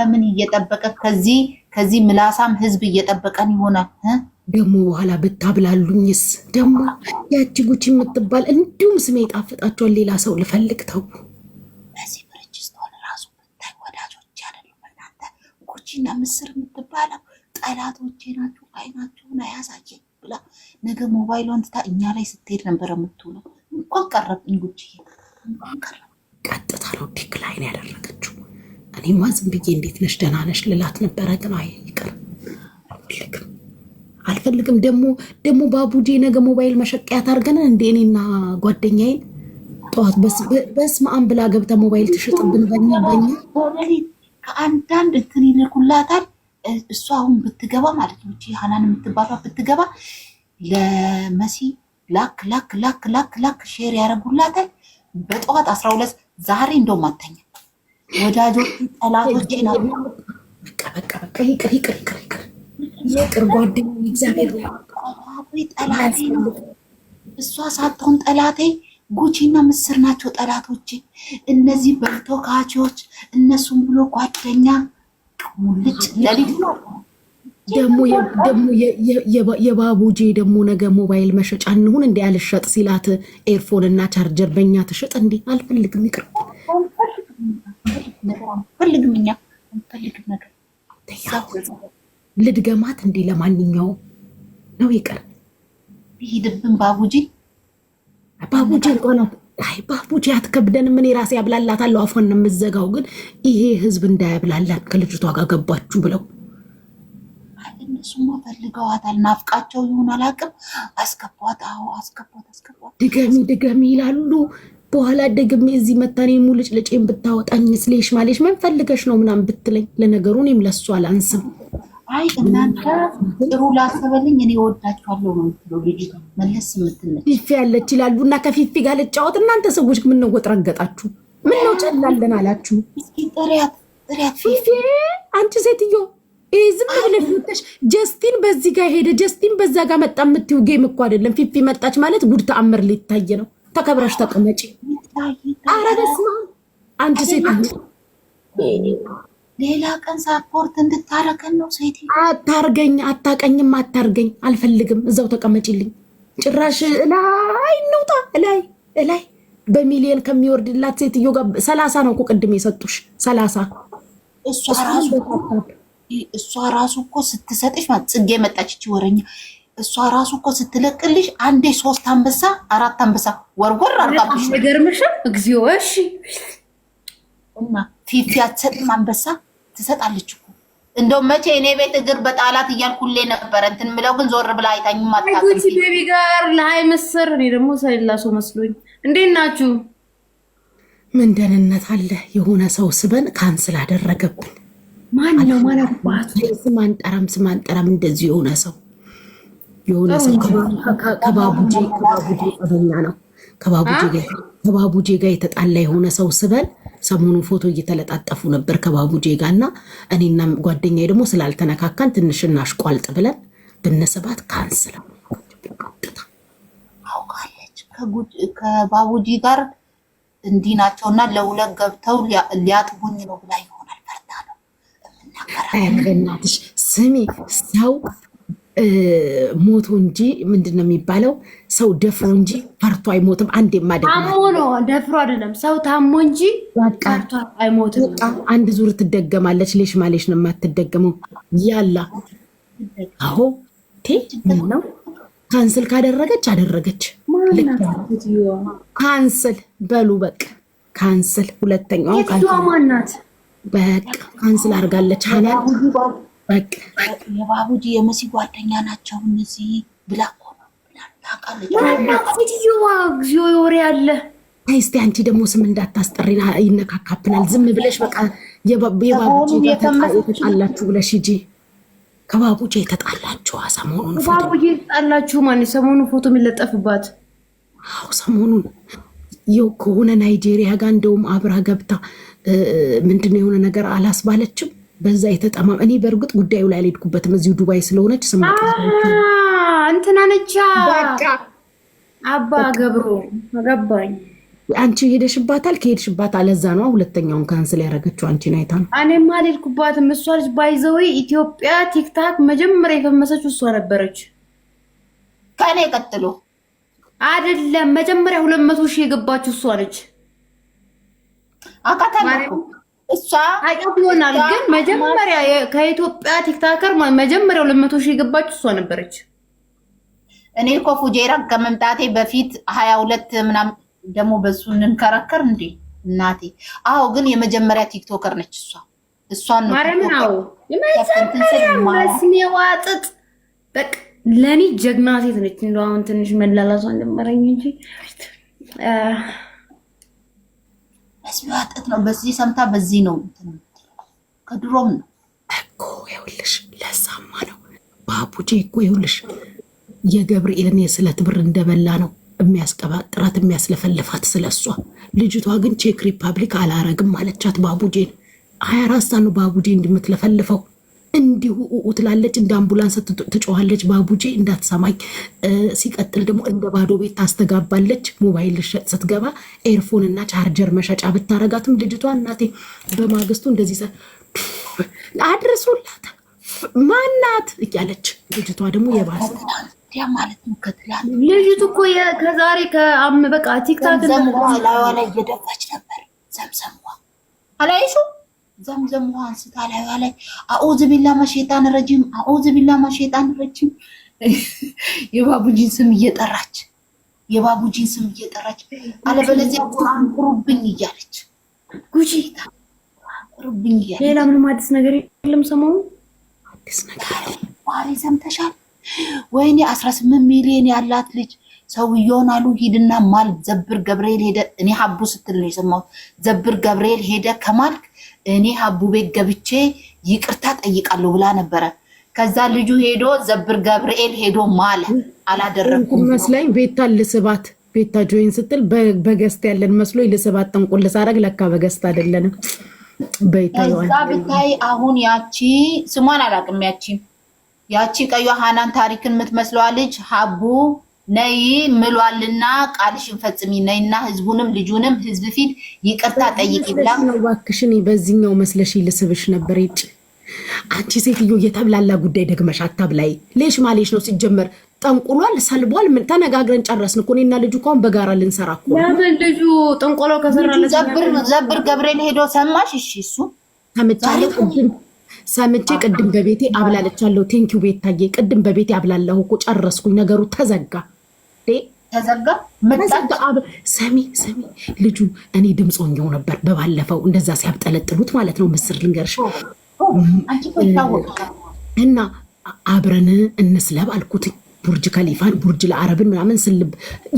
ከምን እየጠበቀ ከዚህ ከዚህ ምላሳም ህዝብ እየጠበቀን ይሆናል። ደግሞ በኋላ ብታብላሉኝስ? ደግሞ ያቺ ጉቺ የምትባል እንዲሁም ስሜ ጣፍጣቸዋል። ሌላ ሰው ልፈልግ ተው። በዚህ ብርጅ ስትሆን ራሱ ብታይ ወዳጆች አደሉ እናንተ። ጉቺና ምስር የምትባለው ጠላቶቼ ናችሁ፣ አይናችሁን አያሳየን ብላ ነገ ሞባይሏን ትታ እኛ ላይ ስትሄድ ነበረ የምትሆነው። እንኳን ቀረብኝ ጉቺ፣ እንኳን ቀረብ። ቀጥታ ነው ዲክላይን ያደረገችው። እኔማ ዝም ብዬ እንዴት ነሽ ደህና ነሽ ልላት ነበረ፣ ግን አይ ይቅር አልፈልግም አልፈልግም። ደግሞ ደግሞ ባቡጄ ነገ ሞባይል መሸቀያ ታርገን እንደ እኔና ጓደኛዬን ጠዋት በስመ አብ ብላ ገብተ ሞባይል ትሸጥብን። በኛ በኛ ከአንዳንድ እንትን ይልኩላታል። እሷ አሁን ብትገባ ማለት ነው ሀናን የምትባሏ ብትገባ ለመሲ ላክ ላክ ላክ ላክ ላክ ሼር ያደርጉላታል። በጠዋት አስራ ሁለት ዛሬ እንደውም አተኛል ወዳጆች ጠላቶች ይቅር ጓደኛ እግዚአብሔር ጠላቴ ነው። እሷ ሳትሆን ጠላቴ ጉቺና ምስር ናቸው ጠላቶች። እነዚህ በልቶ ካቺዎች እነሱም ብሎ ጓደኛ ሙልጭ ለልጅ ነው ደግሞ የባቡጄ ደግሞ ነገ ሞባይል መሸጫ እንሁን እንዲ አልሸጥ ሲላት ኤርፎን እና ቻርጀር በእኛ ትሸጥ እንዲ አልፈልግም ይቅር ነገር አንፈልግም፣ እኛ አንፈልግም ነገር ልድገማት እንዴ? ለማንኛውም ነው ይቅር። ይሄድብን ባቡጂ ባቡጂ ቆናት አይ ባቡጂ አትከብደንም። እኔ ራሴ ያብላላታለሁ አፏን ነው የምዘጋው። ግን ይሄ ህዝብ እንዳያብላላት ከልጅቷ ጋር ገባችሁ ብለው እነሱማ ፈልገዋታል። ናፍቃቸው ይሆን አላውቅም። አስገቧት፣ አዎ አስገቧት፣ አስገቧት፣ ድገሚ ድገሚ ይላሉ። በኋላ ደግሜ እዚህ መታን ሙልጭ ልጭን ብታወጣኝ ስሌሽ ማሌሽ ምን ፈልገሽ ነው ምናምን ብትለኝ፣ ለነገሩ እኔም ለሱ አላንስም። አይ እናንተ ጥሩ ላሰበልኝ እኔ ወዳችኋለሁ ነው የምትለው ልጅቷ። መለስ የምትለኝ ፊፊ ያለች ይላሉ እና ከፊፊ ጋር ልጫወት። እናንተ ሰዎች ምን ነው ወጥ ምን ነው ጨላለን አላችሁ? ጥሪያት ጥሪያት ፊፊ፣ አንቺ ሴትዮ ዝም ብለሽ ወጥተሽ ጀስቲን በዚህ ጋር ሄደ ጀስቲን በዛ ጋር መጣ የምትይው ጌም እኮ አይደለም። ፊፊ መጣች ማለት ጉድ ተአምር ሊታይ ነው። ተከብረሽ ተቀመጪ። አረ በስመ አብ አንድ ሴኮንድ። ሌላ ቀን ሳፖርት እንድታረገን ነው ሴት። አታርገኝ፣ አታቀኝም፣ አታርገኝ፣ አልፈልግም። እዛው ተቀመጭልኝ ጭራሽ ላይ እንውጣ በሚሊዮን ከሚወርድላት ሴትዮ ጋር ሰላሳ ነው እኮ ቅድም የሰጡሽ ሰላሳ እሷ ራሱ እኮ ስትሰጥሽ ጽጌ መጣች፣ እሷ ራሱ እኮ ስትለቅልሽ አንዴ ሶስት አንበሳ አራት አንበሳ ወርወር አርጋብሽ ነገርምሽ። እግዚኦ! እሺ እና ፊፊ አትሰጥም፣ አንበሳ ትሰጣለች እኮ እንደው መቼ እኔ ቤት እግር በጣላት እያልኩሌ ነበረ እንትን ምለው ግን ዞር ብላ አይታኝም። አታውቅም ቤቢ ጋር ለሀይ ምስር እኔ ደግሞ ሳይላ ሰው መስሎኝ። እንዴት ናችሁ? ምን ደህንነት አለ። የሆነ ሰው ስበን ካንስል አደረገብን። ማን ነው? ማለት አባቱ ስም አንጠራም፣ ስም አንጠራም። እንደዚሁ የሆነ ሰው የሆነ ሰው ከባቡጄ ከባቡጄ ጠበኛ ነው ከባቡጄ ጋር የተጣላ የሆነ ሰው ስበል ሰሞኑን ፎቶ እየተለጣጠፉ ነበር ከባቡጄ ጋር እና እኔና ጓደኛ ደግሞ ስላልተነካካን ትንሽ እናሽቋልጥ ብለን ብነሰባት ካንስለ ከባቡጂ ጋር እንዲህ ናቸው እና ለሁለት ገብተው ሊያጥቡኝ ነው ብላ ይሆናል። በርታ ነው የምናገራሽ። ስሚ ሰው ሞቶ እንጂ ምንድን ነው የሚባለው? ሰው ደፍሮ እንጂ ፈርቶ አይሞትም። አንድ ነው ደፍሮ አይደለም ሰው ታሞ እንጂ ፈርቶ አይሞትም። አንድ ዙር ትደገማለች። ሌሽ ማሌሽ ነው የማትደገመው። ያላ አሁ ነው ካንስል ካደረገች አደረገች። ካንስል በሉ በቃ ካንስል። ሁለተኛው ማናት? በቃ ካንስል አድርጋለች። የባቡድ የመሲ ጓደኛ ናቸው እነዚህ ብላ እኮ ነው ታውቃለችዋ። እግዚኦ ወሬ አለ። እስቲ አንቺ ደግሞ ስም እንዳታስጠሪ ይነካካብናል። ዝም ብለሽ በቃ የባቡድ ብለሽ ሂጂ። ከባቡጄ የተጣላችሁ ሰሞኑን ባቡጄ የተጣላችሁ ማነው? ሰሞኑን ፎቶ የሚለጠፍባት አዎ፣ ሰሞኑን ይኸው ከሆነ ናይጄሪያ ጋር እንደውም አብራ ገብታ ምንድን ነው የሆነ ነገር አላስባለችም በዛ የተጠማም እኔ በእርግጥ ጉዳዩ ላይ አልሄድኩበትም። እዚሁ ዱባይ ስለሆነች ስማ እንትና ነቻ አባ ገብሮ ገባኝ። አንቺ ሄደሽባታል፣ ከሄድሽባታል። ለዛ ነዋ ሁለተኛውን ካንስል ያደረገችው አንቺን አይታ ነው። እኔም አልሄድኩባትም። እሷ ልጅ ባይዘዊ ኢትዮጵያ ቲክታክ መጀመሪያ የፈመሰች እሷ ነበረች። ከእኔ ቀጥሎ አይደለም መጀመሪያ ሁለት መቶ ሺህ የገባችው እሷ ነች። አቃታ እሷ አቀፍ ይሆናል ግን መጀመሪያ ከኢትዮጵያ ቲክታከር መጀመሪያው ለመቶ ሺህ የገባችው እሷ ነበረች። እኔ እኮ ፉጄራ ከመምጣቴ በፊት ሀያ ሁለት ምናምን ደግሞ በሱ እንንከረከር እንዴ እናቴ። አዎ ግን የመጀመሪያ ቲክቶከር ነች እሷ። እሷን ነው ማረምን። የመጀመሪያ መስሜ ዋጥጥ በቃ ለእኔ ጀግና ሴት ነች። እንደው አሁን ትንሽ መላላሷን ጀመረኝ እንጂ መስሜ ዋጥጥ ነው። በዚህ ሰምታ በዚህ ነው ከድሮም ነው እኮ ይኸውልሽ፣ ለዛማ ነው ባቡጄ እኮ ይኸውልሽ፣ የገብርኤልን የስለት ብር እንደበላ ነው የሚያስቀባ ጥራት የሚያስለፈልፋት ስለሷ። ልጅቷ ግን ቼክ ሪፐብሊክ አላረግም አለቻት ባቡጄን። ሀያ አራት ሰዓት ነው ባቡጄ እንድምትለፈልፈው እንዲሁ ኡኡ ትላለች፣ እንደ አምቡላንስ ትጮኋለች። ባቡጄ እንዳትሰማኝ። ሲቀጥል ደግሞ እንደ ባዶ ቤት ታስተጋባለች። ሞባይል ስትገባ ኤርፎን እና ቻርጀር መሸጫ ብታረጋትም ልጅቷ እናቴ በማግስቱ እንደዚህ አድርሶላት ማናት እያለች ልጅቷ ደግሞ የባሰ ልጅቱ እኮ ከዛሬ ከአም በቃ ቲክታክ ላይ እየደፋች ነበር ዘምዘምዋ አላይሹ ዘምዘም ውሃ አንስታ ላይ ላይ አኡዝ ቢላ መሸጣን ረጅም አኡዝ ቢላ መሸጣን ረጅም የባቡጂን ስም እየጠራች የባቡጂን ስም እየጠራች አለበለዚያ ቁርአን ቁሩብኝ እያለች ጉጂ ቁሩብኝ እያለች ሌላ ምንም አዲስ ነገር የለም። ሰሞኑን አዲስ ነገር ዛሬ ሰምተሻል። ወይኔ አስራ ስምንት ሚሊዮን ያላት ልጅ ሰውየውን አሉ ሂድና ማል ዘብር ገብርኤል ሄደ። እኔ ሀቡ ስትል ነው የሰማሁት። ዘብር ገብርኤል ሄደ ከማልክ እኔ ሀቡ ቤት ገብቼ ይቅርታ ጠይቃለሁ ብላ ነበረ። ከዛ ልጁ ሄዶ ዘብር ገብርኤል ሄዶ ማለ። አላደረግኩም መስለኝ ቤታ ልስባት ቤታ ጆይን ስትል በገስት ያለን መስሎ ልስባት ጠንቁል ሳረግ ለካ በገስት አይደለንም። በይታ ብታይ አሁን ያቺ ስሟን አላቅም ያቺም ያቺ ቀዩ ሃናን ታሪክን የምትመስለዋ ልጅ ሀቡ ነይ ምሏልና ቃልሽን ፈጽሚ ነይና ህዝቡንም ልጁንም ህዝብ ፊት ይቅርታ ጠይቂ ብላ እባክሽን፣ በዚህኛው መስለሽ ልስብሽ ነበር። ይጭ አንቺ ሴትዮ የተብላላ ጉዳይ ደግመሽ አታብላይ። ሌሽ ማሌሽ ነው ሲጀመር ጠንቁሏል፣ ሰልቧል። ምን ተነጋግረን ጨረስን እኮ እኔና ልጁ እኮ በጋራ ልንሰራ እኮ ልጁ ጠንቆሎ ከሰራ ዘብር ገብርኤል ሄዶ ሰማሽ? እሺ እሱ ተመቻለ ሰምቼ ቅድም በቤቴ አብላለቻለሁ። ቴንኪው ቤታዬ፣ ቅድም በቤቴ አብላለሁ እኮ ጨረስኩኝ። ነገሩ ተዘጋ ተዘጋ። ሰሚ ሰሚ ልጁ እኔ ድምፅ ሆኜው ነበር በባለፈው እንደዛ ሲያብጠለጥሉት ማለት ነው። ምስር ልንገርሽ እና አብረን እንስለብ አልኩትኝ ቡርጅ ከሊፋን ቡርጅ ለአረብን ምናምን ስልብ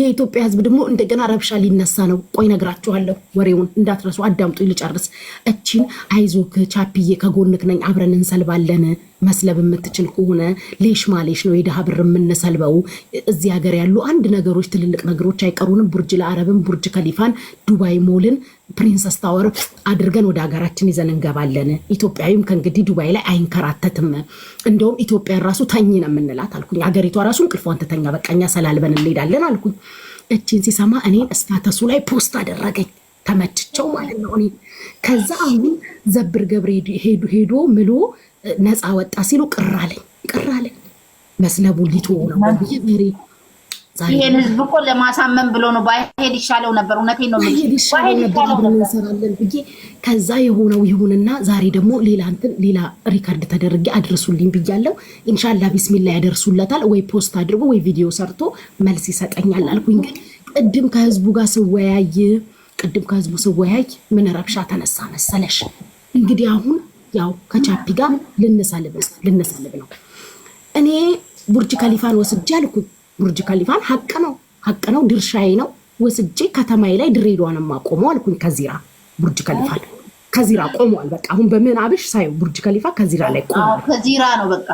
የኢትዮጵያ ህዝብ ደግሞ እንደገና ረብሻ ሊነሳ ነው። ቆይ ነግራችኋለሁ፣ ወሬውን እንዳትረሱ አዳምጡ። ልጨርስ። እቺን አይዞክ ቻፕዬ ከጎንክ ነኝ አብረን እንሰልባለን መስለብ የምትችል ከሆነ ሌሽ ማሌሽ ነው የድሃ ብር የምንሰልበው። እዚህ ሀገር ያሉ አንድ ነገሮች ትልልቅ ነገሮች አይቀሩንም። ቡርጅ ለአረብን፣ ቡርጅ ከሊፋን፣ ዱባይ ሞልን፣ ፕሪንሰስ ታወር አድርገን ወደ ሀገራችን ይዘን እንገባለን። ኢትዮጵያዊም ከእንግዲህ ዱባይ ላይ አይንከራተትም። እንደውም ኢትዮጵያን ራሱ ተኝ ነው የምንላት አልኩኝ። ሀገሪቷ ራሱ እንቅልፏን ትተኛ፣ በቃኛ ሰላልበን እንሄዳለን አልኩኝ። እቺን ሲሰማ እኔን ስታተሱ ላይ ፖስት አደረገኝ። ተመችቸው ማለት ነው እኔ ከዛ አሁን ዘብር ገብረ ሄዶ ምሎ ነፃ ወጣ ሲሉ ቅራለኝ ቅራለኝ መስለቡ ሊቶ ነው ይሄን ህዝብ እኮ ለማሳመን ብሎ ነው። ባሄድ ይሻለው ነበር። እውነቴን ነው እንሰራለን ብዬ ከዛ የሆነው ይሁንና ዛሬ ደግሞ ሌላ እንትን ሌላ ሪከርድ ተደርጌ አድርሱልኝ ብያለው። ኢንሻላ ቢስሚላ ያደርሱለታል ወይ ፖስት አድርጎ ወይ ቪዲዮ ሰርቶ መልስ ይሰጠኛል አልኩኝ። ግን ቅድም ከህዝቡ ጋር ስወያይ ቅድም ከህዝቡ ስወያይ ምን ረብሻ ተነሳ መሰለሽ? እንግዲህ አሁን ያው ከቻፒ ጋር ልንሰልብ ነው። እኔ ቡርጅ ከሊፋን ወስጄ አልኩ ቡርጅ ከሊፋን ሀቅ ነው፣ ሀቅ ነው፣ ድርሻዬ ነው። ወስጄ ከተማዬ ላይ ድሬዳዋን ማቆመው አልኩኝ። ከዚራ ቡርጅ ከሊፋን ከዚራ ቆሟል። በቃ አሁን በምናብሽ ሳይው ቡርጅ ከሊፋ ከዚራ ላይ ቆሟል። ከዚራ ነው በቃ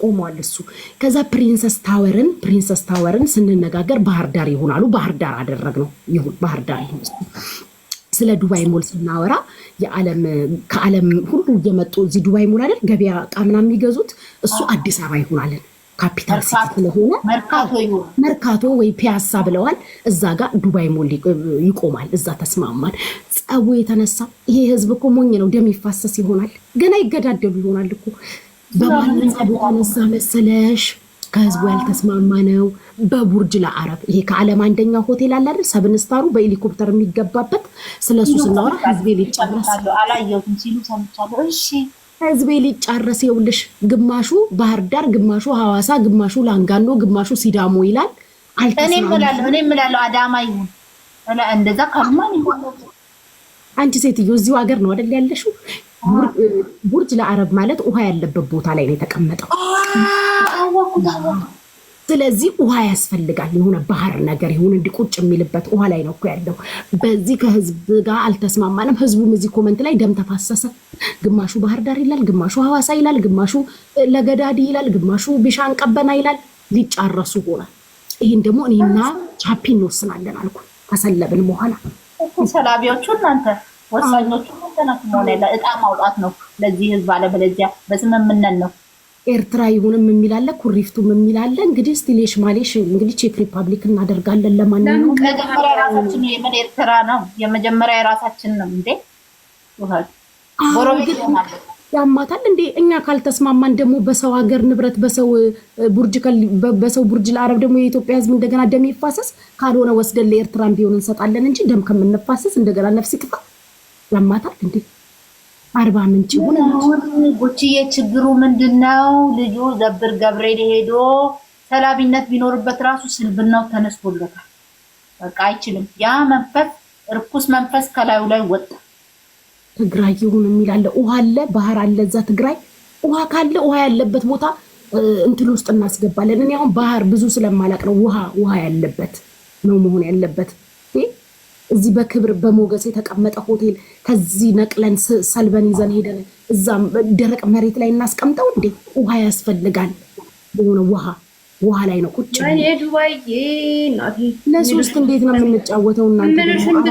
ቆሟል እሱ። ከዛ ፕሪንሰስ ታወርን ፕሪንሰስ ታወርን ስንነጋገር ባህር ዳር ይሁን አሉ። ባህር ዳር አደረግ ነው ይሁን ባህር ዳር ይሁን። ስለ ዱባይ ሞል ስናወራ የዓለም ከዓለም ሁሉ እየመጡ እዚህ ዱባይ ሞል አይደል ገበያ ዕቃ ምናምን የሚገዙት እሱ አዲስ አበባ ይሆናለን። ካፒታል ሲቲ ስለሆነ መርካቶ ወይ ፒያሳ ብለዋል። እዛ ጋር ዱባይ ሞል ይቆማል። እዛ ተስማማል። ጸቡ የተነሳ ይሄ ህዝብ እኮ ሞኝ ነው። ደም ይፋሰስ ይሆናል። ገና ይገዳደሉ ይሆናል እኮ በማንም ጸቡ የተነሳ መሰለሽ ከህዝቡ ያልተስማማ ነው። በቡርጅ ለአረብ ይሄ ከዓለም አንደኛ ሆቴል አለ አይደል? ሰብንስታሩ በሄሊኮፕተር የሚገባበት ስለሱ ስናወራ ህዝቤ ሊጨረስ አላየሁትም ሲሉ ሰምቻለሁ። እሺ ህዝቤ ሊጫረስ የውልሽ ግማሹ ባህር ዳር፣ ግማሹ ሐዋሳ፣ ግማሹ ላንጋኖ፣ ግማሹ ሲዳሞ ይላል። እኔ እምላለሁ እኔ እምላለሁ አዳማ ይሁን እንደዛ ከማን አንቺ ሴትዮ እዚሁ ሀገር ነው አደል ያለሹ? ቡርጅ ለአረብ ማለት ውሃ ያለበት ቦታ ላይ ነው የተቀመጠው። ስለዚህ ውሃ ያስፈልጋል። የሆነ ባህር ነገር የሆነ እንዲቁጭ የሚልበት ውሃ ላይ ነው እኮ ያለው። በዚህ ከህዝብ ጋር አልተስማማንም። ህዝቡም እዚህ ኮመንት ላይ ደም ተፋሰሰ። ግማሹ ባህር ዳር ይላል፣ ግማሹ ሐዋሳ ይላል፣ ግማሹ ለገዳዲ ይላል፣ ግማሹ ቢሻን ቀበና ይላል። ሊጫረሱ ሆነ ይህን ደግሞ እኔና ቻፒ እንወስናለን አልኩ። ከሰለብን በኋላ ሰላቢዎቹ እናንተ ወሳኞቹ ናት እጣ ማውጣት ነው ለዚህ ህዝብ አለበለዚያ በስምምነት ነው ኤርትራ ይሁንም የሚላለ ኩሪፍቱም የሚላለ እንግዲህ ስቲል ማሌሽ እንግዲህ ቼክ ሪፐብሊክ እናደርጋለን። ለማንኛውም መጀመሪያ የራሳችን የምን ኤርትራ ነው የመጀመሪያ የራሳችን ነው እንዴ ያማታል እንዴ? እኛ ካልተስማማን ደግሞ በሰው ሀገር ንብረት በሰው ቡርጅ በሰው ቡርጅ ለአረብ ደግሞ የኢትዮጵያ ሕዝብ እንደገና ደም ይፋሰስ ካልሆነ ወስደን ለኤርትራ ቢሆን እንሰጣለን እንጂ ደም ከምንፋሰስ እንደገና ነፍስ ይጥፋ። ያማታል እንዴ? አርባ ምንጭ ጉቺዬ፣ ችግሩ ምንድን ነው? ልጁ ዘብር ገብርኤል ሄዶ ሰላቢነት ቢኖርበት ራሱ ስልብናው ተነስቶለታል። በቃ አይችልም። ያ መንፈስ፣ እርኩስ መንፈስ ከላዩ ላይ ወጣ። ትግራይ ይሁን የሚላለ ውሃ አለ፣ ባህር አለ። እዛ ትግራይ ውሃ ካለ ውሃ ያለበት ቦታ እንትን ውስጥ እናስገባለን። እኔ አሁን ባህር ብዙ ስለማላቅ ነው ውሃ ውሃ ያለበት ነው መሆን ያለበት እዚህ በክብር በሞገስ የተቀመጠ ሆቴል ከዚህ ነቅለን ሰልበን ይዘን ሄደን እዛም ደረቅ መሬት ላይ እናስቀምጠው እንዴ? ውሃ ያስፈልጋል። የሆነ ውሃ ውሃ ላይ ነው ቁጭ ለሶስት እንዴት ነው የምንጫወተው እናንተ